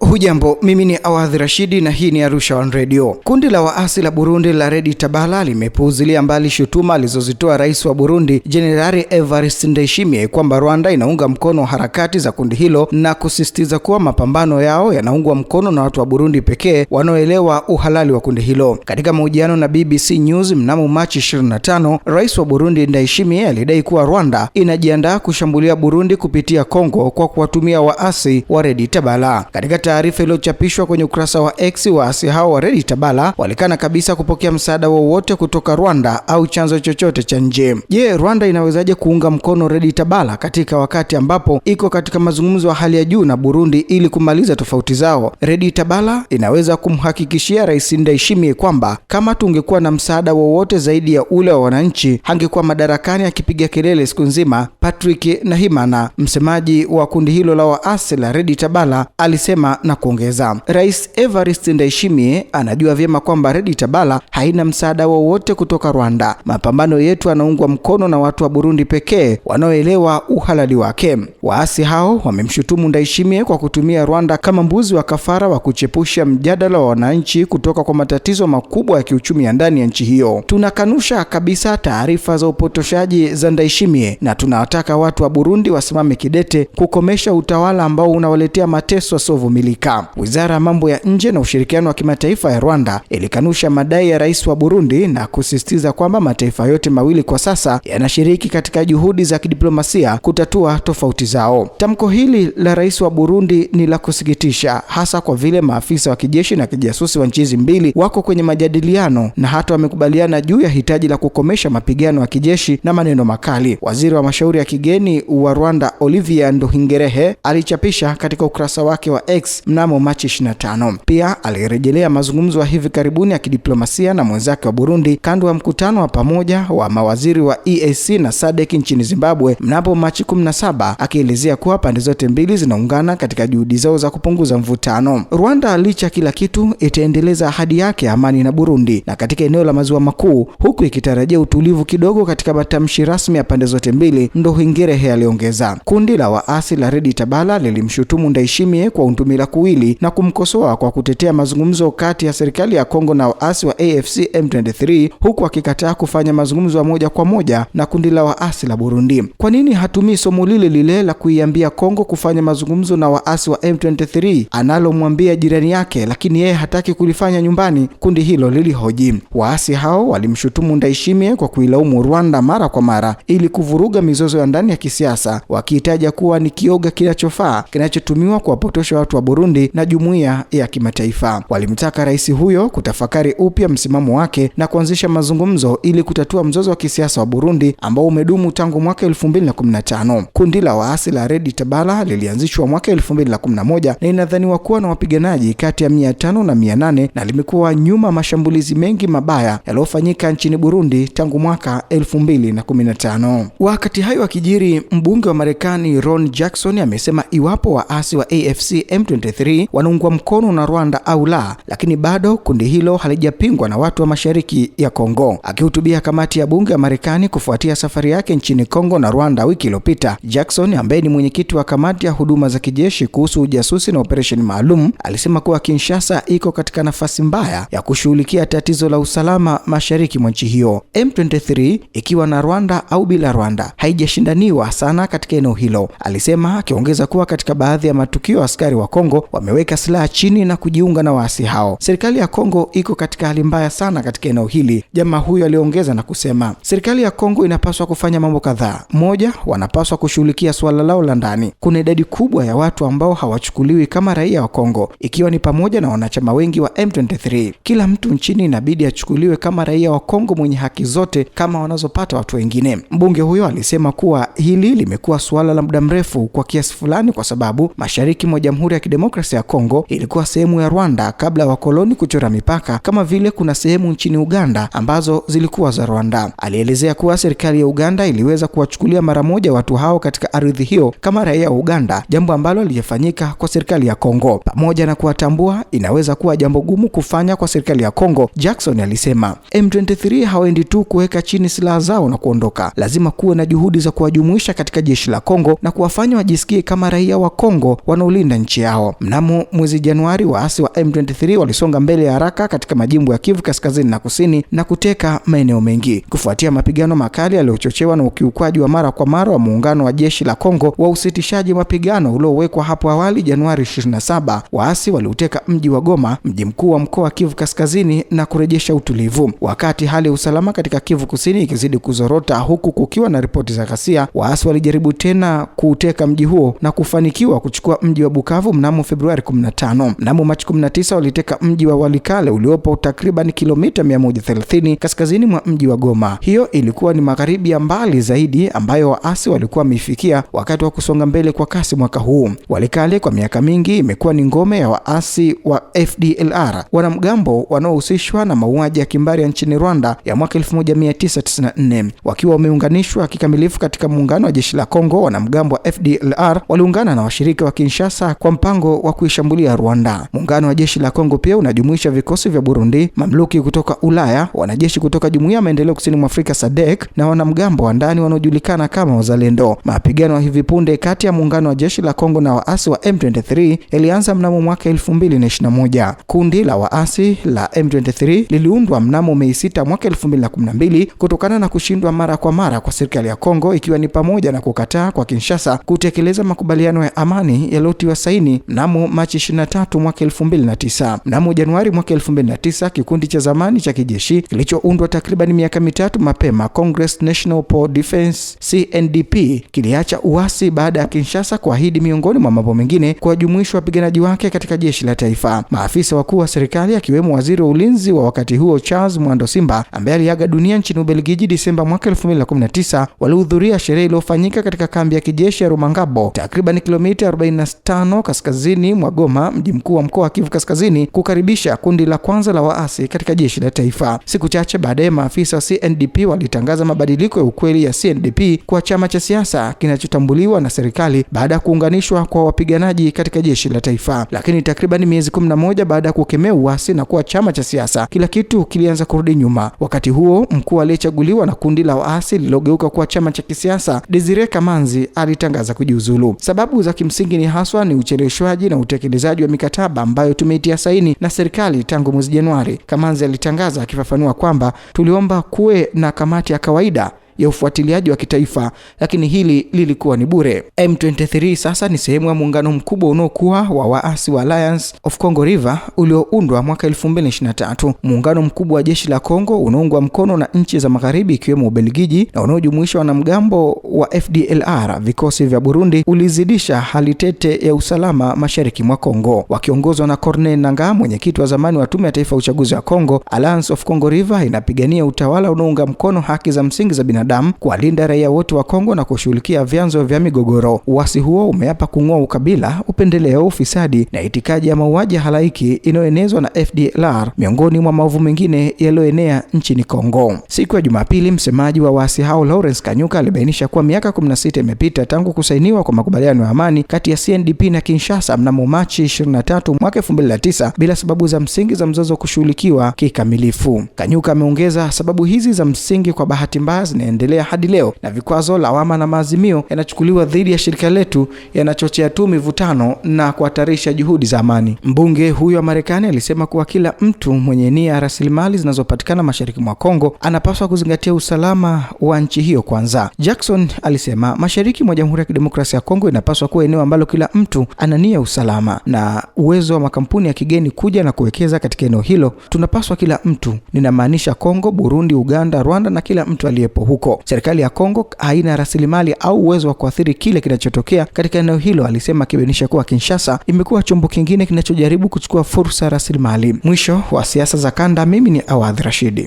Hujambo, mimi ni Awadhi Rashidi na hii ni Arusha One Radio. Kundi la waasi la Burundi la Redi Tabala limepuuzilia mbali shutuma alizozitoa rais wa Burundi Jenerali evarist Ndayishimiye kwamba Rwanda inaunga mkono harakati za kundi hilo na kusisitiza kuwa mapambano yao yanaungwa mkono na watu wa Burundi pekee wanaoelewa uhalali wa kundi hilo. Katika mahojiano na BBC News mnamo Machi 25, rais wa Burundi Ndayishimiye alidai kuwa Rwanda inajiandaa kushambulia Burundi kupitia Kongo kwa kuwatumia waasi wa Redi Tabala. Katika taarifa iliyochapishwa kwenye ukurasa wa X, waasi hao wa Red Tabara walikana kabisa kupokea msaada wowote kutoka Rwanda au chanzo chochote cha nje. Je, Rwanda inawezaje kuunga mkono Red Tabara katika wakati ambapo iko katika mazungumzo ya hali ya juu na Burundi ili kumaliza tofauti zao? Red Tabara inaweza kumhakikishia Rais Ndayishimiye kwamba kama tungekuwa na msaada wowote zaidi ya ule wa wananchi, hangekuwa madarakani akipiga kelele siku nzima. Patrick Nahimana, msemaji wa kundi hilo la waasi la Red Tabara, alisema na kuongeza, Rais Evariste Ndayishimiye anajua vyema kwamba Redi Tabala haina msaada wowote kutoka Rwanda. Mapambano yetu yanaungwa mkono na watu wa Burundi pekee wanaoelewa uhalali wake. Waasi hao wamemshutumu Ndayishimiye kwa kutumia Rwanda kama mbuzi wa kafara wa kuchepusha mjadala wa wananchi kutoka kwa matatizo makubwa ya kiuchumi ya ndani ya nchi hiyo. Tunakanusha kabisa taarifa za upotoshaji za Ndayishimiye na tunawataka watu wa Burundi wasimame kidete kukomesha utawala ambao unawaletea mateso yasiyovumilika kubadilika. Wizara ya mambo ya nje na ushirikiano wa kimataifa ya Rwanda ilikanusha madai ya rais wa Burundi na kusisitiza kwamba mataifa yote mawili kwa sasa yanashiriki katika juhudi za kidiplomasia kutatua tofauti zao. Tamko hili la rais wa Burundi ni la kusikitisha, hasa kwa vile maafisa wa kijeshi na kijasusi wa nchi hizi mbili wako kwenye majadiliano na hata wamekubaliana juu ya hitaji la kukomesha mapigano ya kijeshi na maneno makali. Waziri wa mashauri ya kigeni wa Rwanda Olivier ndohingerehe alichapisha katika ukurasa wake wa X mnamo Machi 25. Pia alirejelea mazungumzo ya hivi karibuni ya kidiplomasia na mwenzake wa Burundi kando ya mkutano wa pamoja wa mawaziri wa EAC na SADC nchini Zimbabwe mnapo Machi 17, akielezea kuwa pande zote mbili zinaungana katika juhudi zao za kupunguza mvutano. Rwanda licha kila kitu itaendeleza ahadi yake ya amani na Burundi na katika eneo la maziwa makuu, huku ikitarajia utulivu kidogo katika matamshi rasmi ya pande zote mbili, Nduhungirehe aliongeza. Kundi la waasi la redi Tabala lilimshutumu Ndayishimiye kwa undumila la kuwili na kumkosoa kwa kutetea mazungumzo kati ya serikali ya Kongo na waasi wa AFC M23 huku akikataa kufanya mazungumzo ya moja kwa moja na kundi la waasi la Burundi. Kwa nini hatumii somo lile lile la kuiambia Kongo kufanya mazungumzo na waasi wa M23 analomwambia jirani yake, lakini yeye hataki kulifanya nyumbani? Kundi hilo lilihoji. Waasi hao walimshutumu Ndaishimie kwa kuilaumu Rwanda mara kwa mara ili kuvuruga mizozo ya ndani ya kisiasa, wakihitaja kuwa ni kioga kinachofaa kinachotumiwa kuwapotosha watu wa Burundi Burundi na jumuiya ya kimataifa. Walimtaka rais huyo kutafakari upya msimamo wake na kuanzisha mazungumzo ili kutatua mzozo wa kisiasa wa Burundi ambao umedumu tangu mwaka 2015. Kundi la waasi la Red tabala lilianzishwa mwaka 2011 na inadhaniwa kuwa na wapiganaji kati ya 500 na 800 na limekuwa nyuma mashambulizi mengi mabaya yaliyofanyika nchini Burundi tangu mwaka 2015. Wakati hayo akijiri, mbunge wa Marekani Ron Jackson amesema iwapo waasi wa AFC M23 wanaungwa mkono na Rwanda au la, lakini bado kundi hilo halijapingwa na watu wa mashariki ya Kongo. Akihutubia kamati ya bunge ya Marekani kufuatia safari yake nchini Kongo na Rwanda wiki iliyopita, Jackson ambaye ni mwenyekiti wa kamati ya huduma za kijeshi kuhusu ujasusi na operesheni maalum alisema kuwa Kinshasa iko katika nafasi mbaya ya kushughulikia tatizo la usalama mashariki mwa nchi hiyo. M23 ikiwa na Rwanda au bila Rwanda haijashindaniwa sana katika eneo hilo, alisema, akiongeza kuwa katika baadhi ya matukio askari wa Kongo Kongo wameweka silaha chini na kujiunga na waasi hao. Serikali ya Kongo iko katika hali mbaya sana katika eneo hili, jamaa huyo aliongeza na kusema serikali ya Kongo inapaswa kufanya mambo kadhaa. Moja, wanapaswa kushughulikia suala lao la ndani. Kuna idadi kubwa ya watu ambao hawachukuliwi kama raia wa Kongo, ikiwa ni pamoja na wanachama wengi wa M23. Kila mtu nchini inabidi achukuliwe kama raia wa Kongo mwenye haki zote kama wanazopata watu wengine. Mbunge huyo alisema kuwa hili limekuwa suala la muda mrefu kwa kiasi fulani, kwa sababu mashariki mwa Jamhuri ya Kidemokrasia ya Kongo ilikuwa sehemu ya Rwanda kabla ya wakoloni kuchora mipaka, kama vile kuna sehemu nchini Uganda ambazo zilikuwa za Rwanda. Alielezea kuwa serikali ya Uganda iliweza kuwachukulia mara moja watu hao katika ardhi hiyo kama raia wa Uganda, jambo ambalo lijafanyika kwa serikali ya Kongo. Pamoja na kuwatambua, inaweza kuwa jambo gumu kufanya kwa serikali ya Kongo, Jackson alisema. M23 hawaendi tu kuweka chini silaha zao na kuondoka, lazima kuwe na juhudi za kuwajumuisha katika jeshi la Kongo na kuwafanya wajisikie kama raia wa Kongo wanaolinda nchi yao yao. Mnamo mwezi Januari, waasi wa M23 walisonga mbele ya haraka katika majimbo ya Kivu Kaskazini na Kusini na kuteka maeneo mengi. Kufuatia mapigano makali yaliyochochewa na ukiukwaji wa mara kwa mara wa muungano wa jeshi la Kongo wa usitishaji mapigano uliowekwa hapo awali Januari 27, waasi waliuteka mji wa Goma, mji mkuu wa mkoa wa Kivu Kaskazini na kurejesha utulivu. Wakati hali ya usalama katika Kivu Kusini ikizidi kuzorota huku kukiwa na ripoti za ghasia, waasi walijaribu tena kuuteka mji huo na kufanikiwa kuchukua mji wa Bukavu mnamo mnamo Februari 15. Mnamo Machi 19 waliteka mji wa Walikale uliopo takriban kilomita 130 kaskazini mwa mji wa Goma. Hiyo ilikuwa ni magharibi ya mbali zaidi ambayo waasi walikuwa wameifikia wakati wa kusonga mbele kwa kasi mwaka huu. Walikale kwa miaka mingi imekuwa ni ngome ya waasi wa FDLR, wanamgambo wanaohusishwa na mauaji ya kimbari ya nchini Rwanda ya mwaka 1994. Wakiwa wameunganishwa kikamilifu katika muungano wa jeshi la Kongo, wanamgambo wa FDLR waliungana na washirika wa Kinshasa kwa mpango mpango wa kuishambulia Rwanda. Muungano wa jeshi la Kongo pia unajumuisha vikosi vya Burundi, mamluki kutoka Ulaya, wanajeshi kutoka Jumuiya ya Maendeleo Kusini mwa Afrika SADC na wanamgambo wa ndani wanaojulikana kama Wazalendo. Mapigano ya hivi punde kati ya muungano wa jeshi la Kongo na waasi wa M23 yalianza mnamo mwaka 2021. Kundi la waasi la M23 liliundwa mnamo Mei 6 mwaka 2012 kutokana na kushindwa mara kwa mara kwa serikali ya Kongo, ikiwa ni pamoja na kukataa kwa Kinshasa kutekeleza makubaliano ya amani yaliyotiwa saini mnamo Machi 23 mwaka 2009. Mnamo Januari mwaka 2009, kikundi cha zamani cha kijeshi kilichoundwa takriban miaka mitatu mapema, Congress National Poor Defense CNDP, kiliacha uasi baada ya Kinshasa kuahidi miongoni mwa mambo mengine kuwajumuisha wapiganaji wake katika jeshi la taifa. Maafisa wakuu wa serikali akiwemo waziri wa ulinzi wa wakati huo Charles Mwando Simba ambaye aliaga dunia nchini Ubelgiji Disemba mwaka 2019 walihudhuria sherehe iliyofanyika katika kambi ya kijeshi ya Rumangabo takriban kilomita 45 kaskazini kaskazini mwa Goma, mji mkuu wa mkoa wa Kivu Kaskazini, kukaribisha kundi la kwanza la waasi katika jeshi la taifa. Siku chache baadaye, maafisa wa CNDP walitangaza mabadiliko ya ukweli ya CNDP kwa chama cha siasa kinachotambuliwa na serikali baada ya kuunganishwa kwa wapiganaji katika jeshi la taifa. Lakini takriban miezi 11 baada ya kukemea uasi na kuwa chama cha siasa, kila kitu kilianza kurudi nyuma. Wakati huo, mkuu aliyechaguliwa na kundi la waasi lililogeuka kuwa chama cha kisiasa, Desire Kamanzi, alitangaza kujiuzulu. Sababu za kimsingi ni haswa ni ucheleweshwaji utekelezaji na utekelezaji wa mikataba ambayo tumeitia saini na serikali tangu mwezi Januari, Kamanzi alitangaza akifafanua kwamba tuliomba kuwe na kamati ya kawaida ya ufuatiliaji wa kitaifa, lakini hili lilikuwa ni bure. M23 sasa ni sehemu ya muungano mkubwa unaokuwa wa waasi wa Alliance of Congo River ulioundwa mwaka 2023, muungano mkubwa wa jeshi la Kongo unaungwa mkono na nchi za magharibi ikiwemo Ubelgiji na unaojumuisha wanamgambo wa FDLR. Vikosi vya Burundi ulizidisha hali tete ya usalama mashariki mwa Kongo, wakiongozwa na Corneille Nangaa, mwenyekiti wa zamani wa Tume ya Taifa ya Uchaguzi wa Kongo. Alliance of Congo River inapigania utawala unaounga mkono haki za msingi za binadamu binadamu, kuwalinda raia wote wa Kongo na kushughulikia vyanzo vya migogoro. Uasi huo umeapa kung'oa ukabila, upendeleo, ufisadi na itikaji ya mauaji ya halaiki inayoenezwa na FDLR miongoni mwa maovu mengine yaliyoenea nchini Kongo. Siku ya Jumapili, msemaji wa waasi hao Lawrence Kanyuka alibainisha kuwa miaka 16 imepita tangu kusainiwa kwa makubaliano ya amani kati ya CNDP na Kinshasa mnamo Machi 23 mwaka 2009 bila sababu za msingi za mzozo kushughulikiwa kikamilifu. Kanyuka ameongeza sababu hizi za msingi kwa bahati mbaya zinaendelea yanaendelea hadi leo, na vikwazo, lawama na maazimio yanachukuliwa dhidi ya shirika letu yanachochea tu mivutano na kuhatarisha juhudi za amani. Mbunge huyo wa Marekani alisema kuwa kila mtu mwenye nia ya rasilimali zinazopatikana mashariki mwa Kongo anapaswa kuzingatia usalama wa nchi hiyo kwanza. Jackson alisema mashariki mwa Jamhuri ya Kidemokrasia ya Kongo inapaswa kuwa eneo ambalo kila mtu anania usalama na uwezo wa makampuni ya kigeni kuja na kuwekeza katika eneo hilo. Tunapaswa kila mtu, ninamaanisha Kongo, Burundi, Uganda, Rwanda na kila mtu aliyepo huko huko. Serikali ya Kongo haina rasilimali au uwezo wa kuathiri kile kinachotokea katika eneo hilo, alisema akibainisha kuwa Kinshasa imekuwa chombo kingine kinachojaribu kuchukua fursa rasilimali. Mwisho wa siasa za kanda. Mimi ni Awadh Rashidi.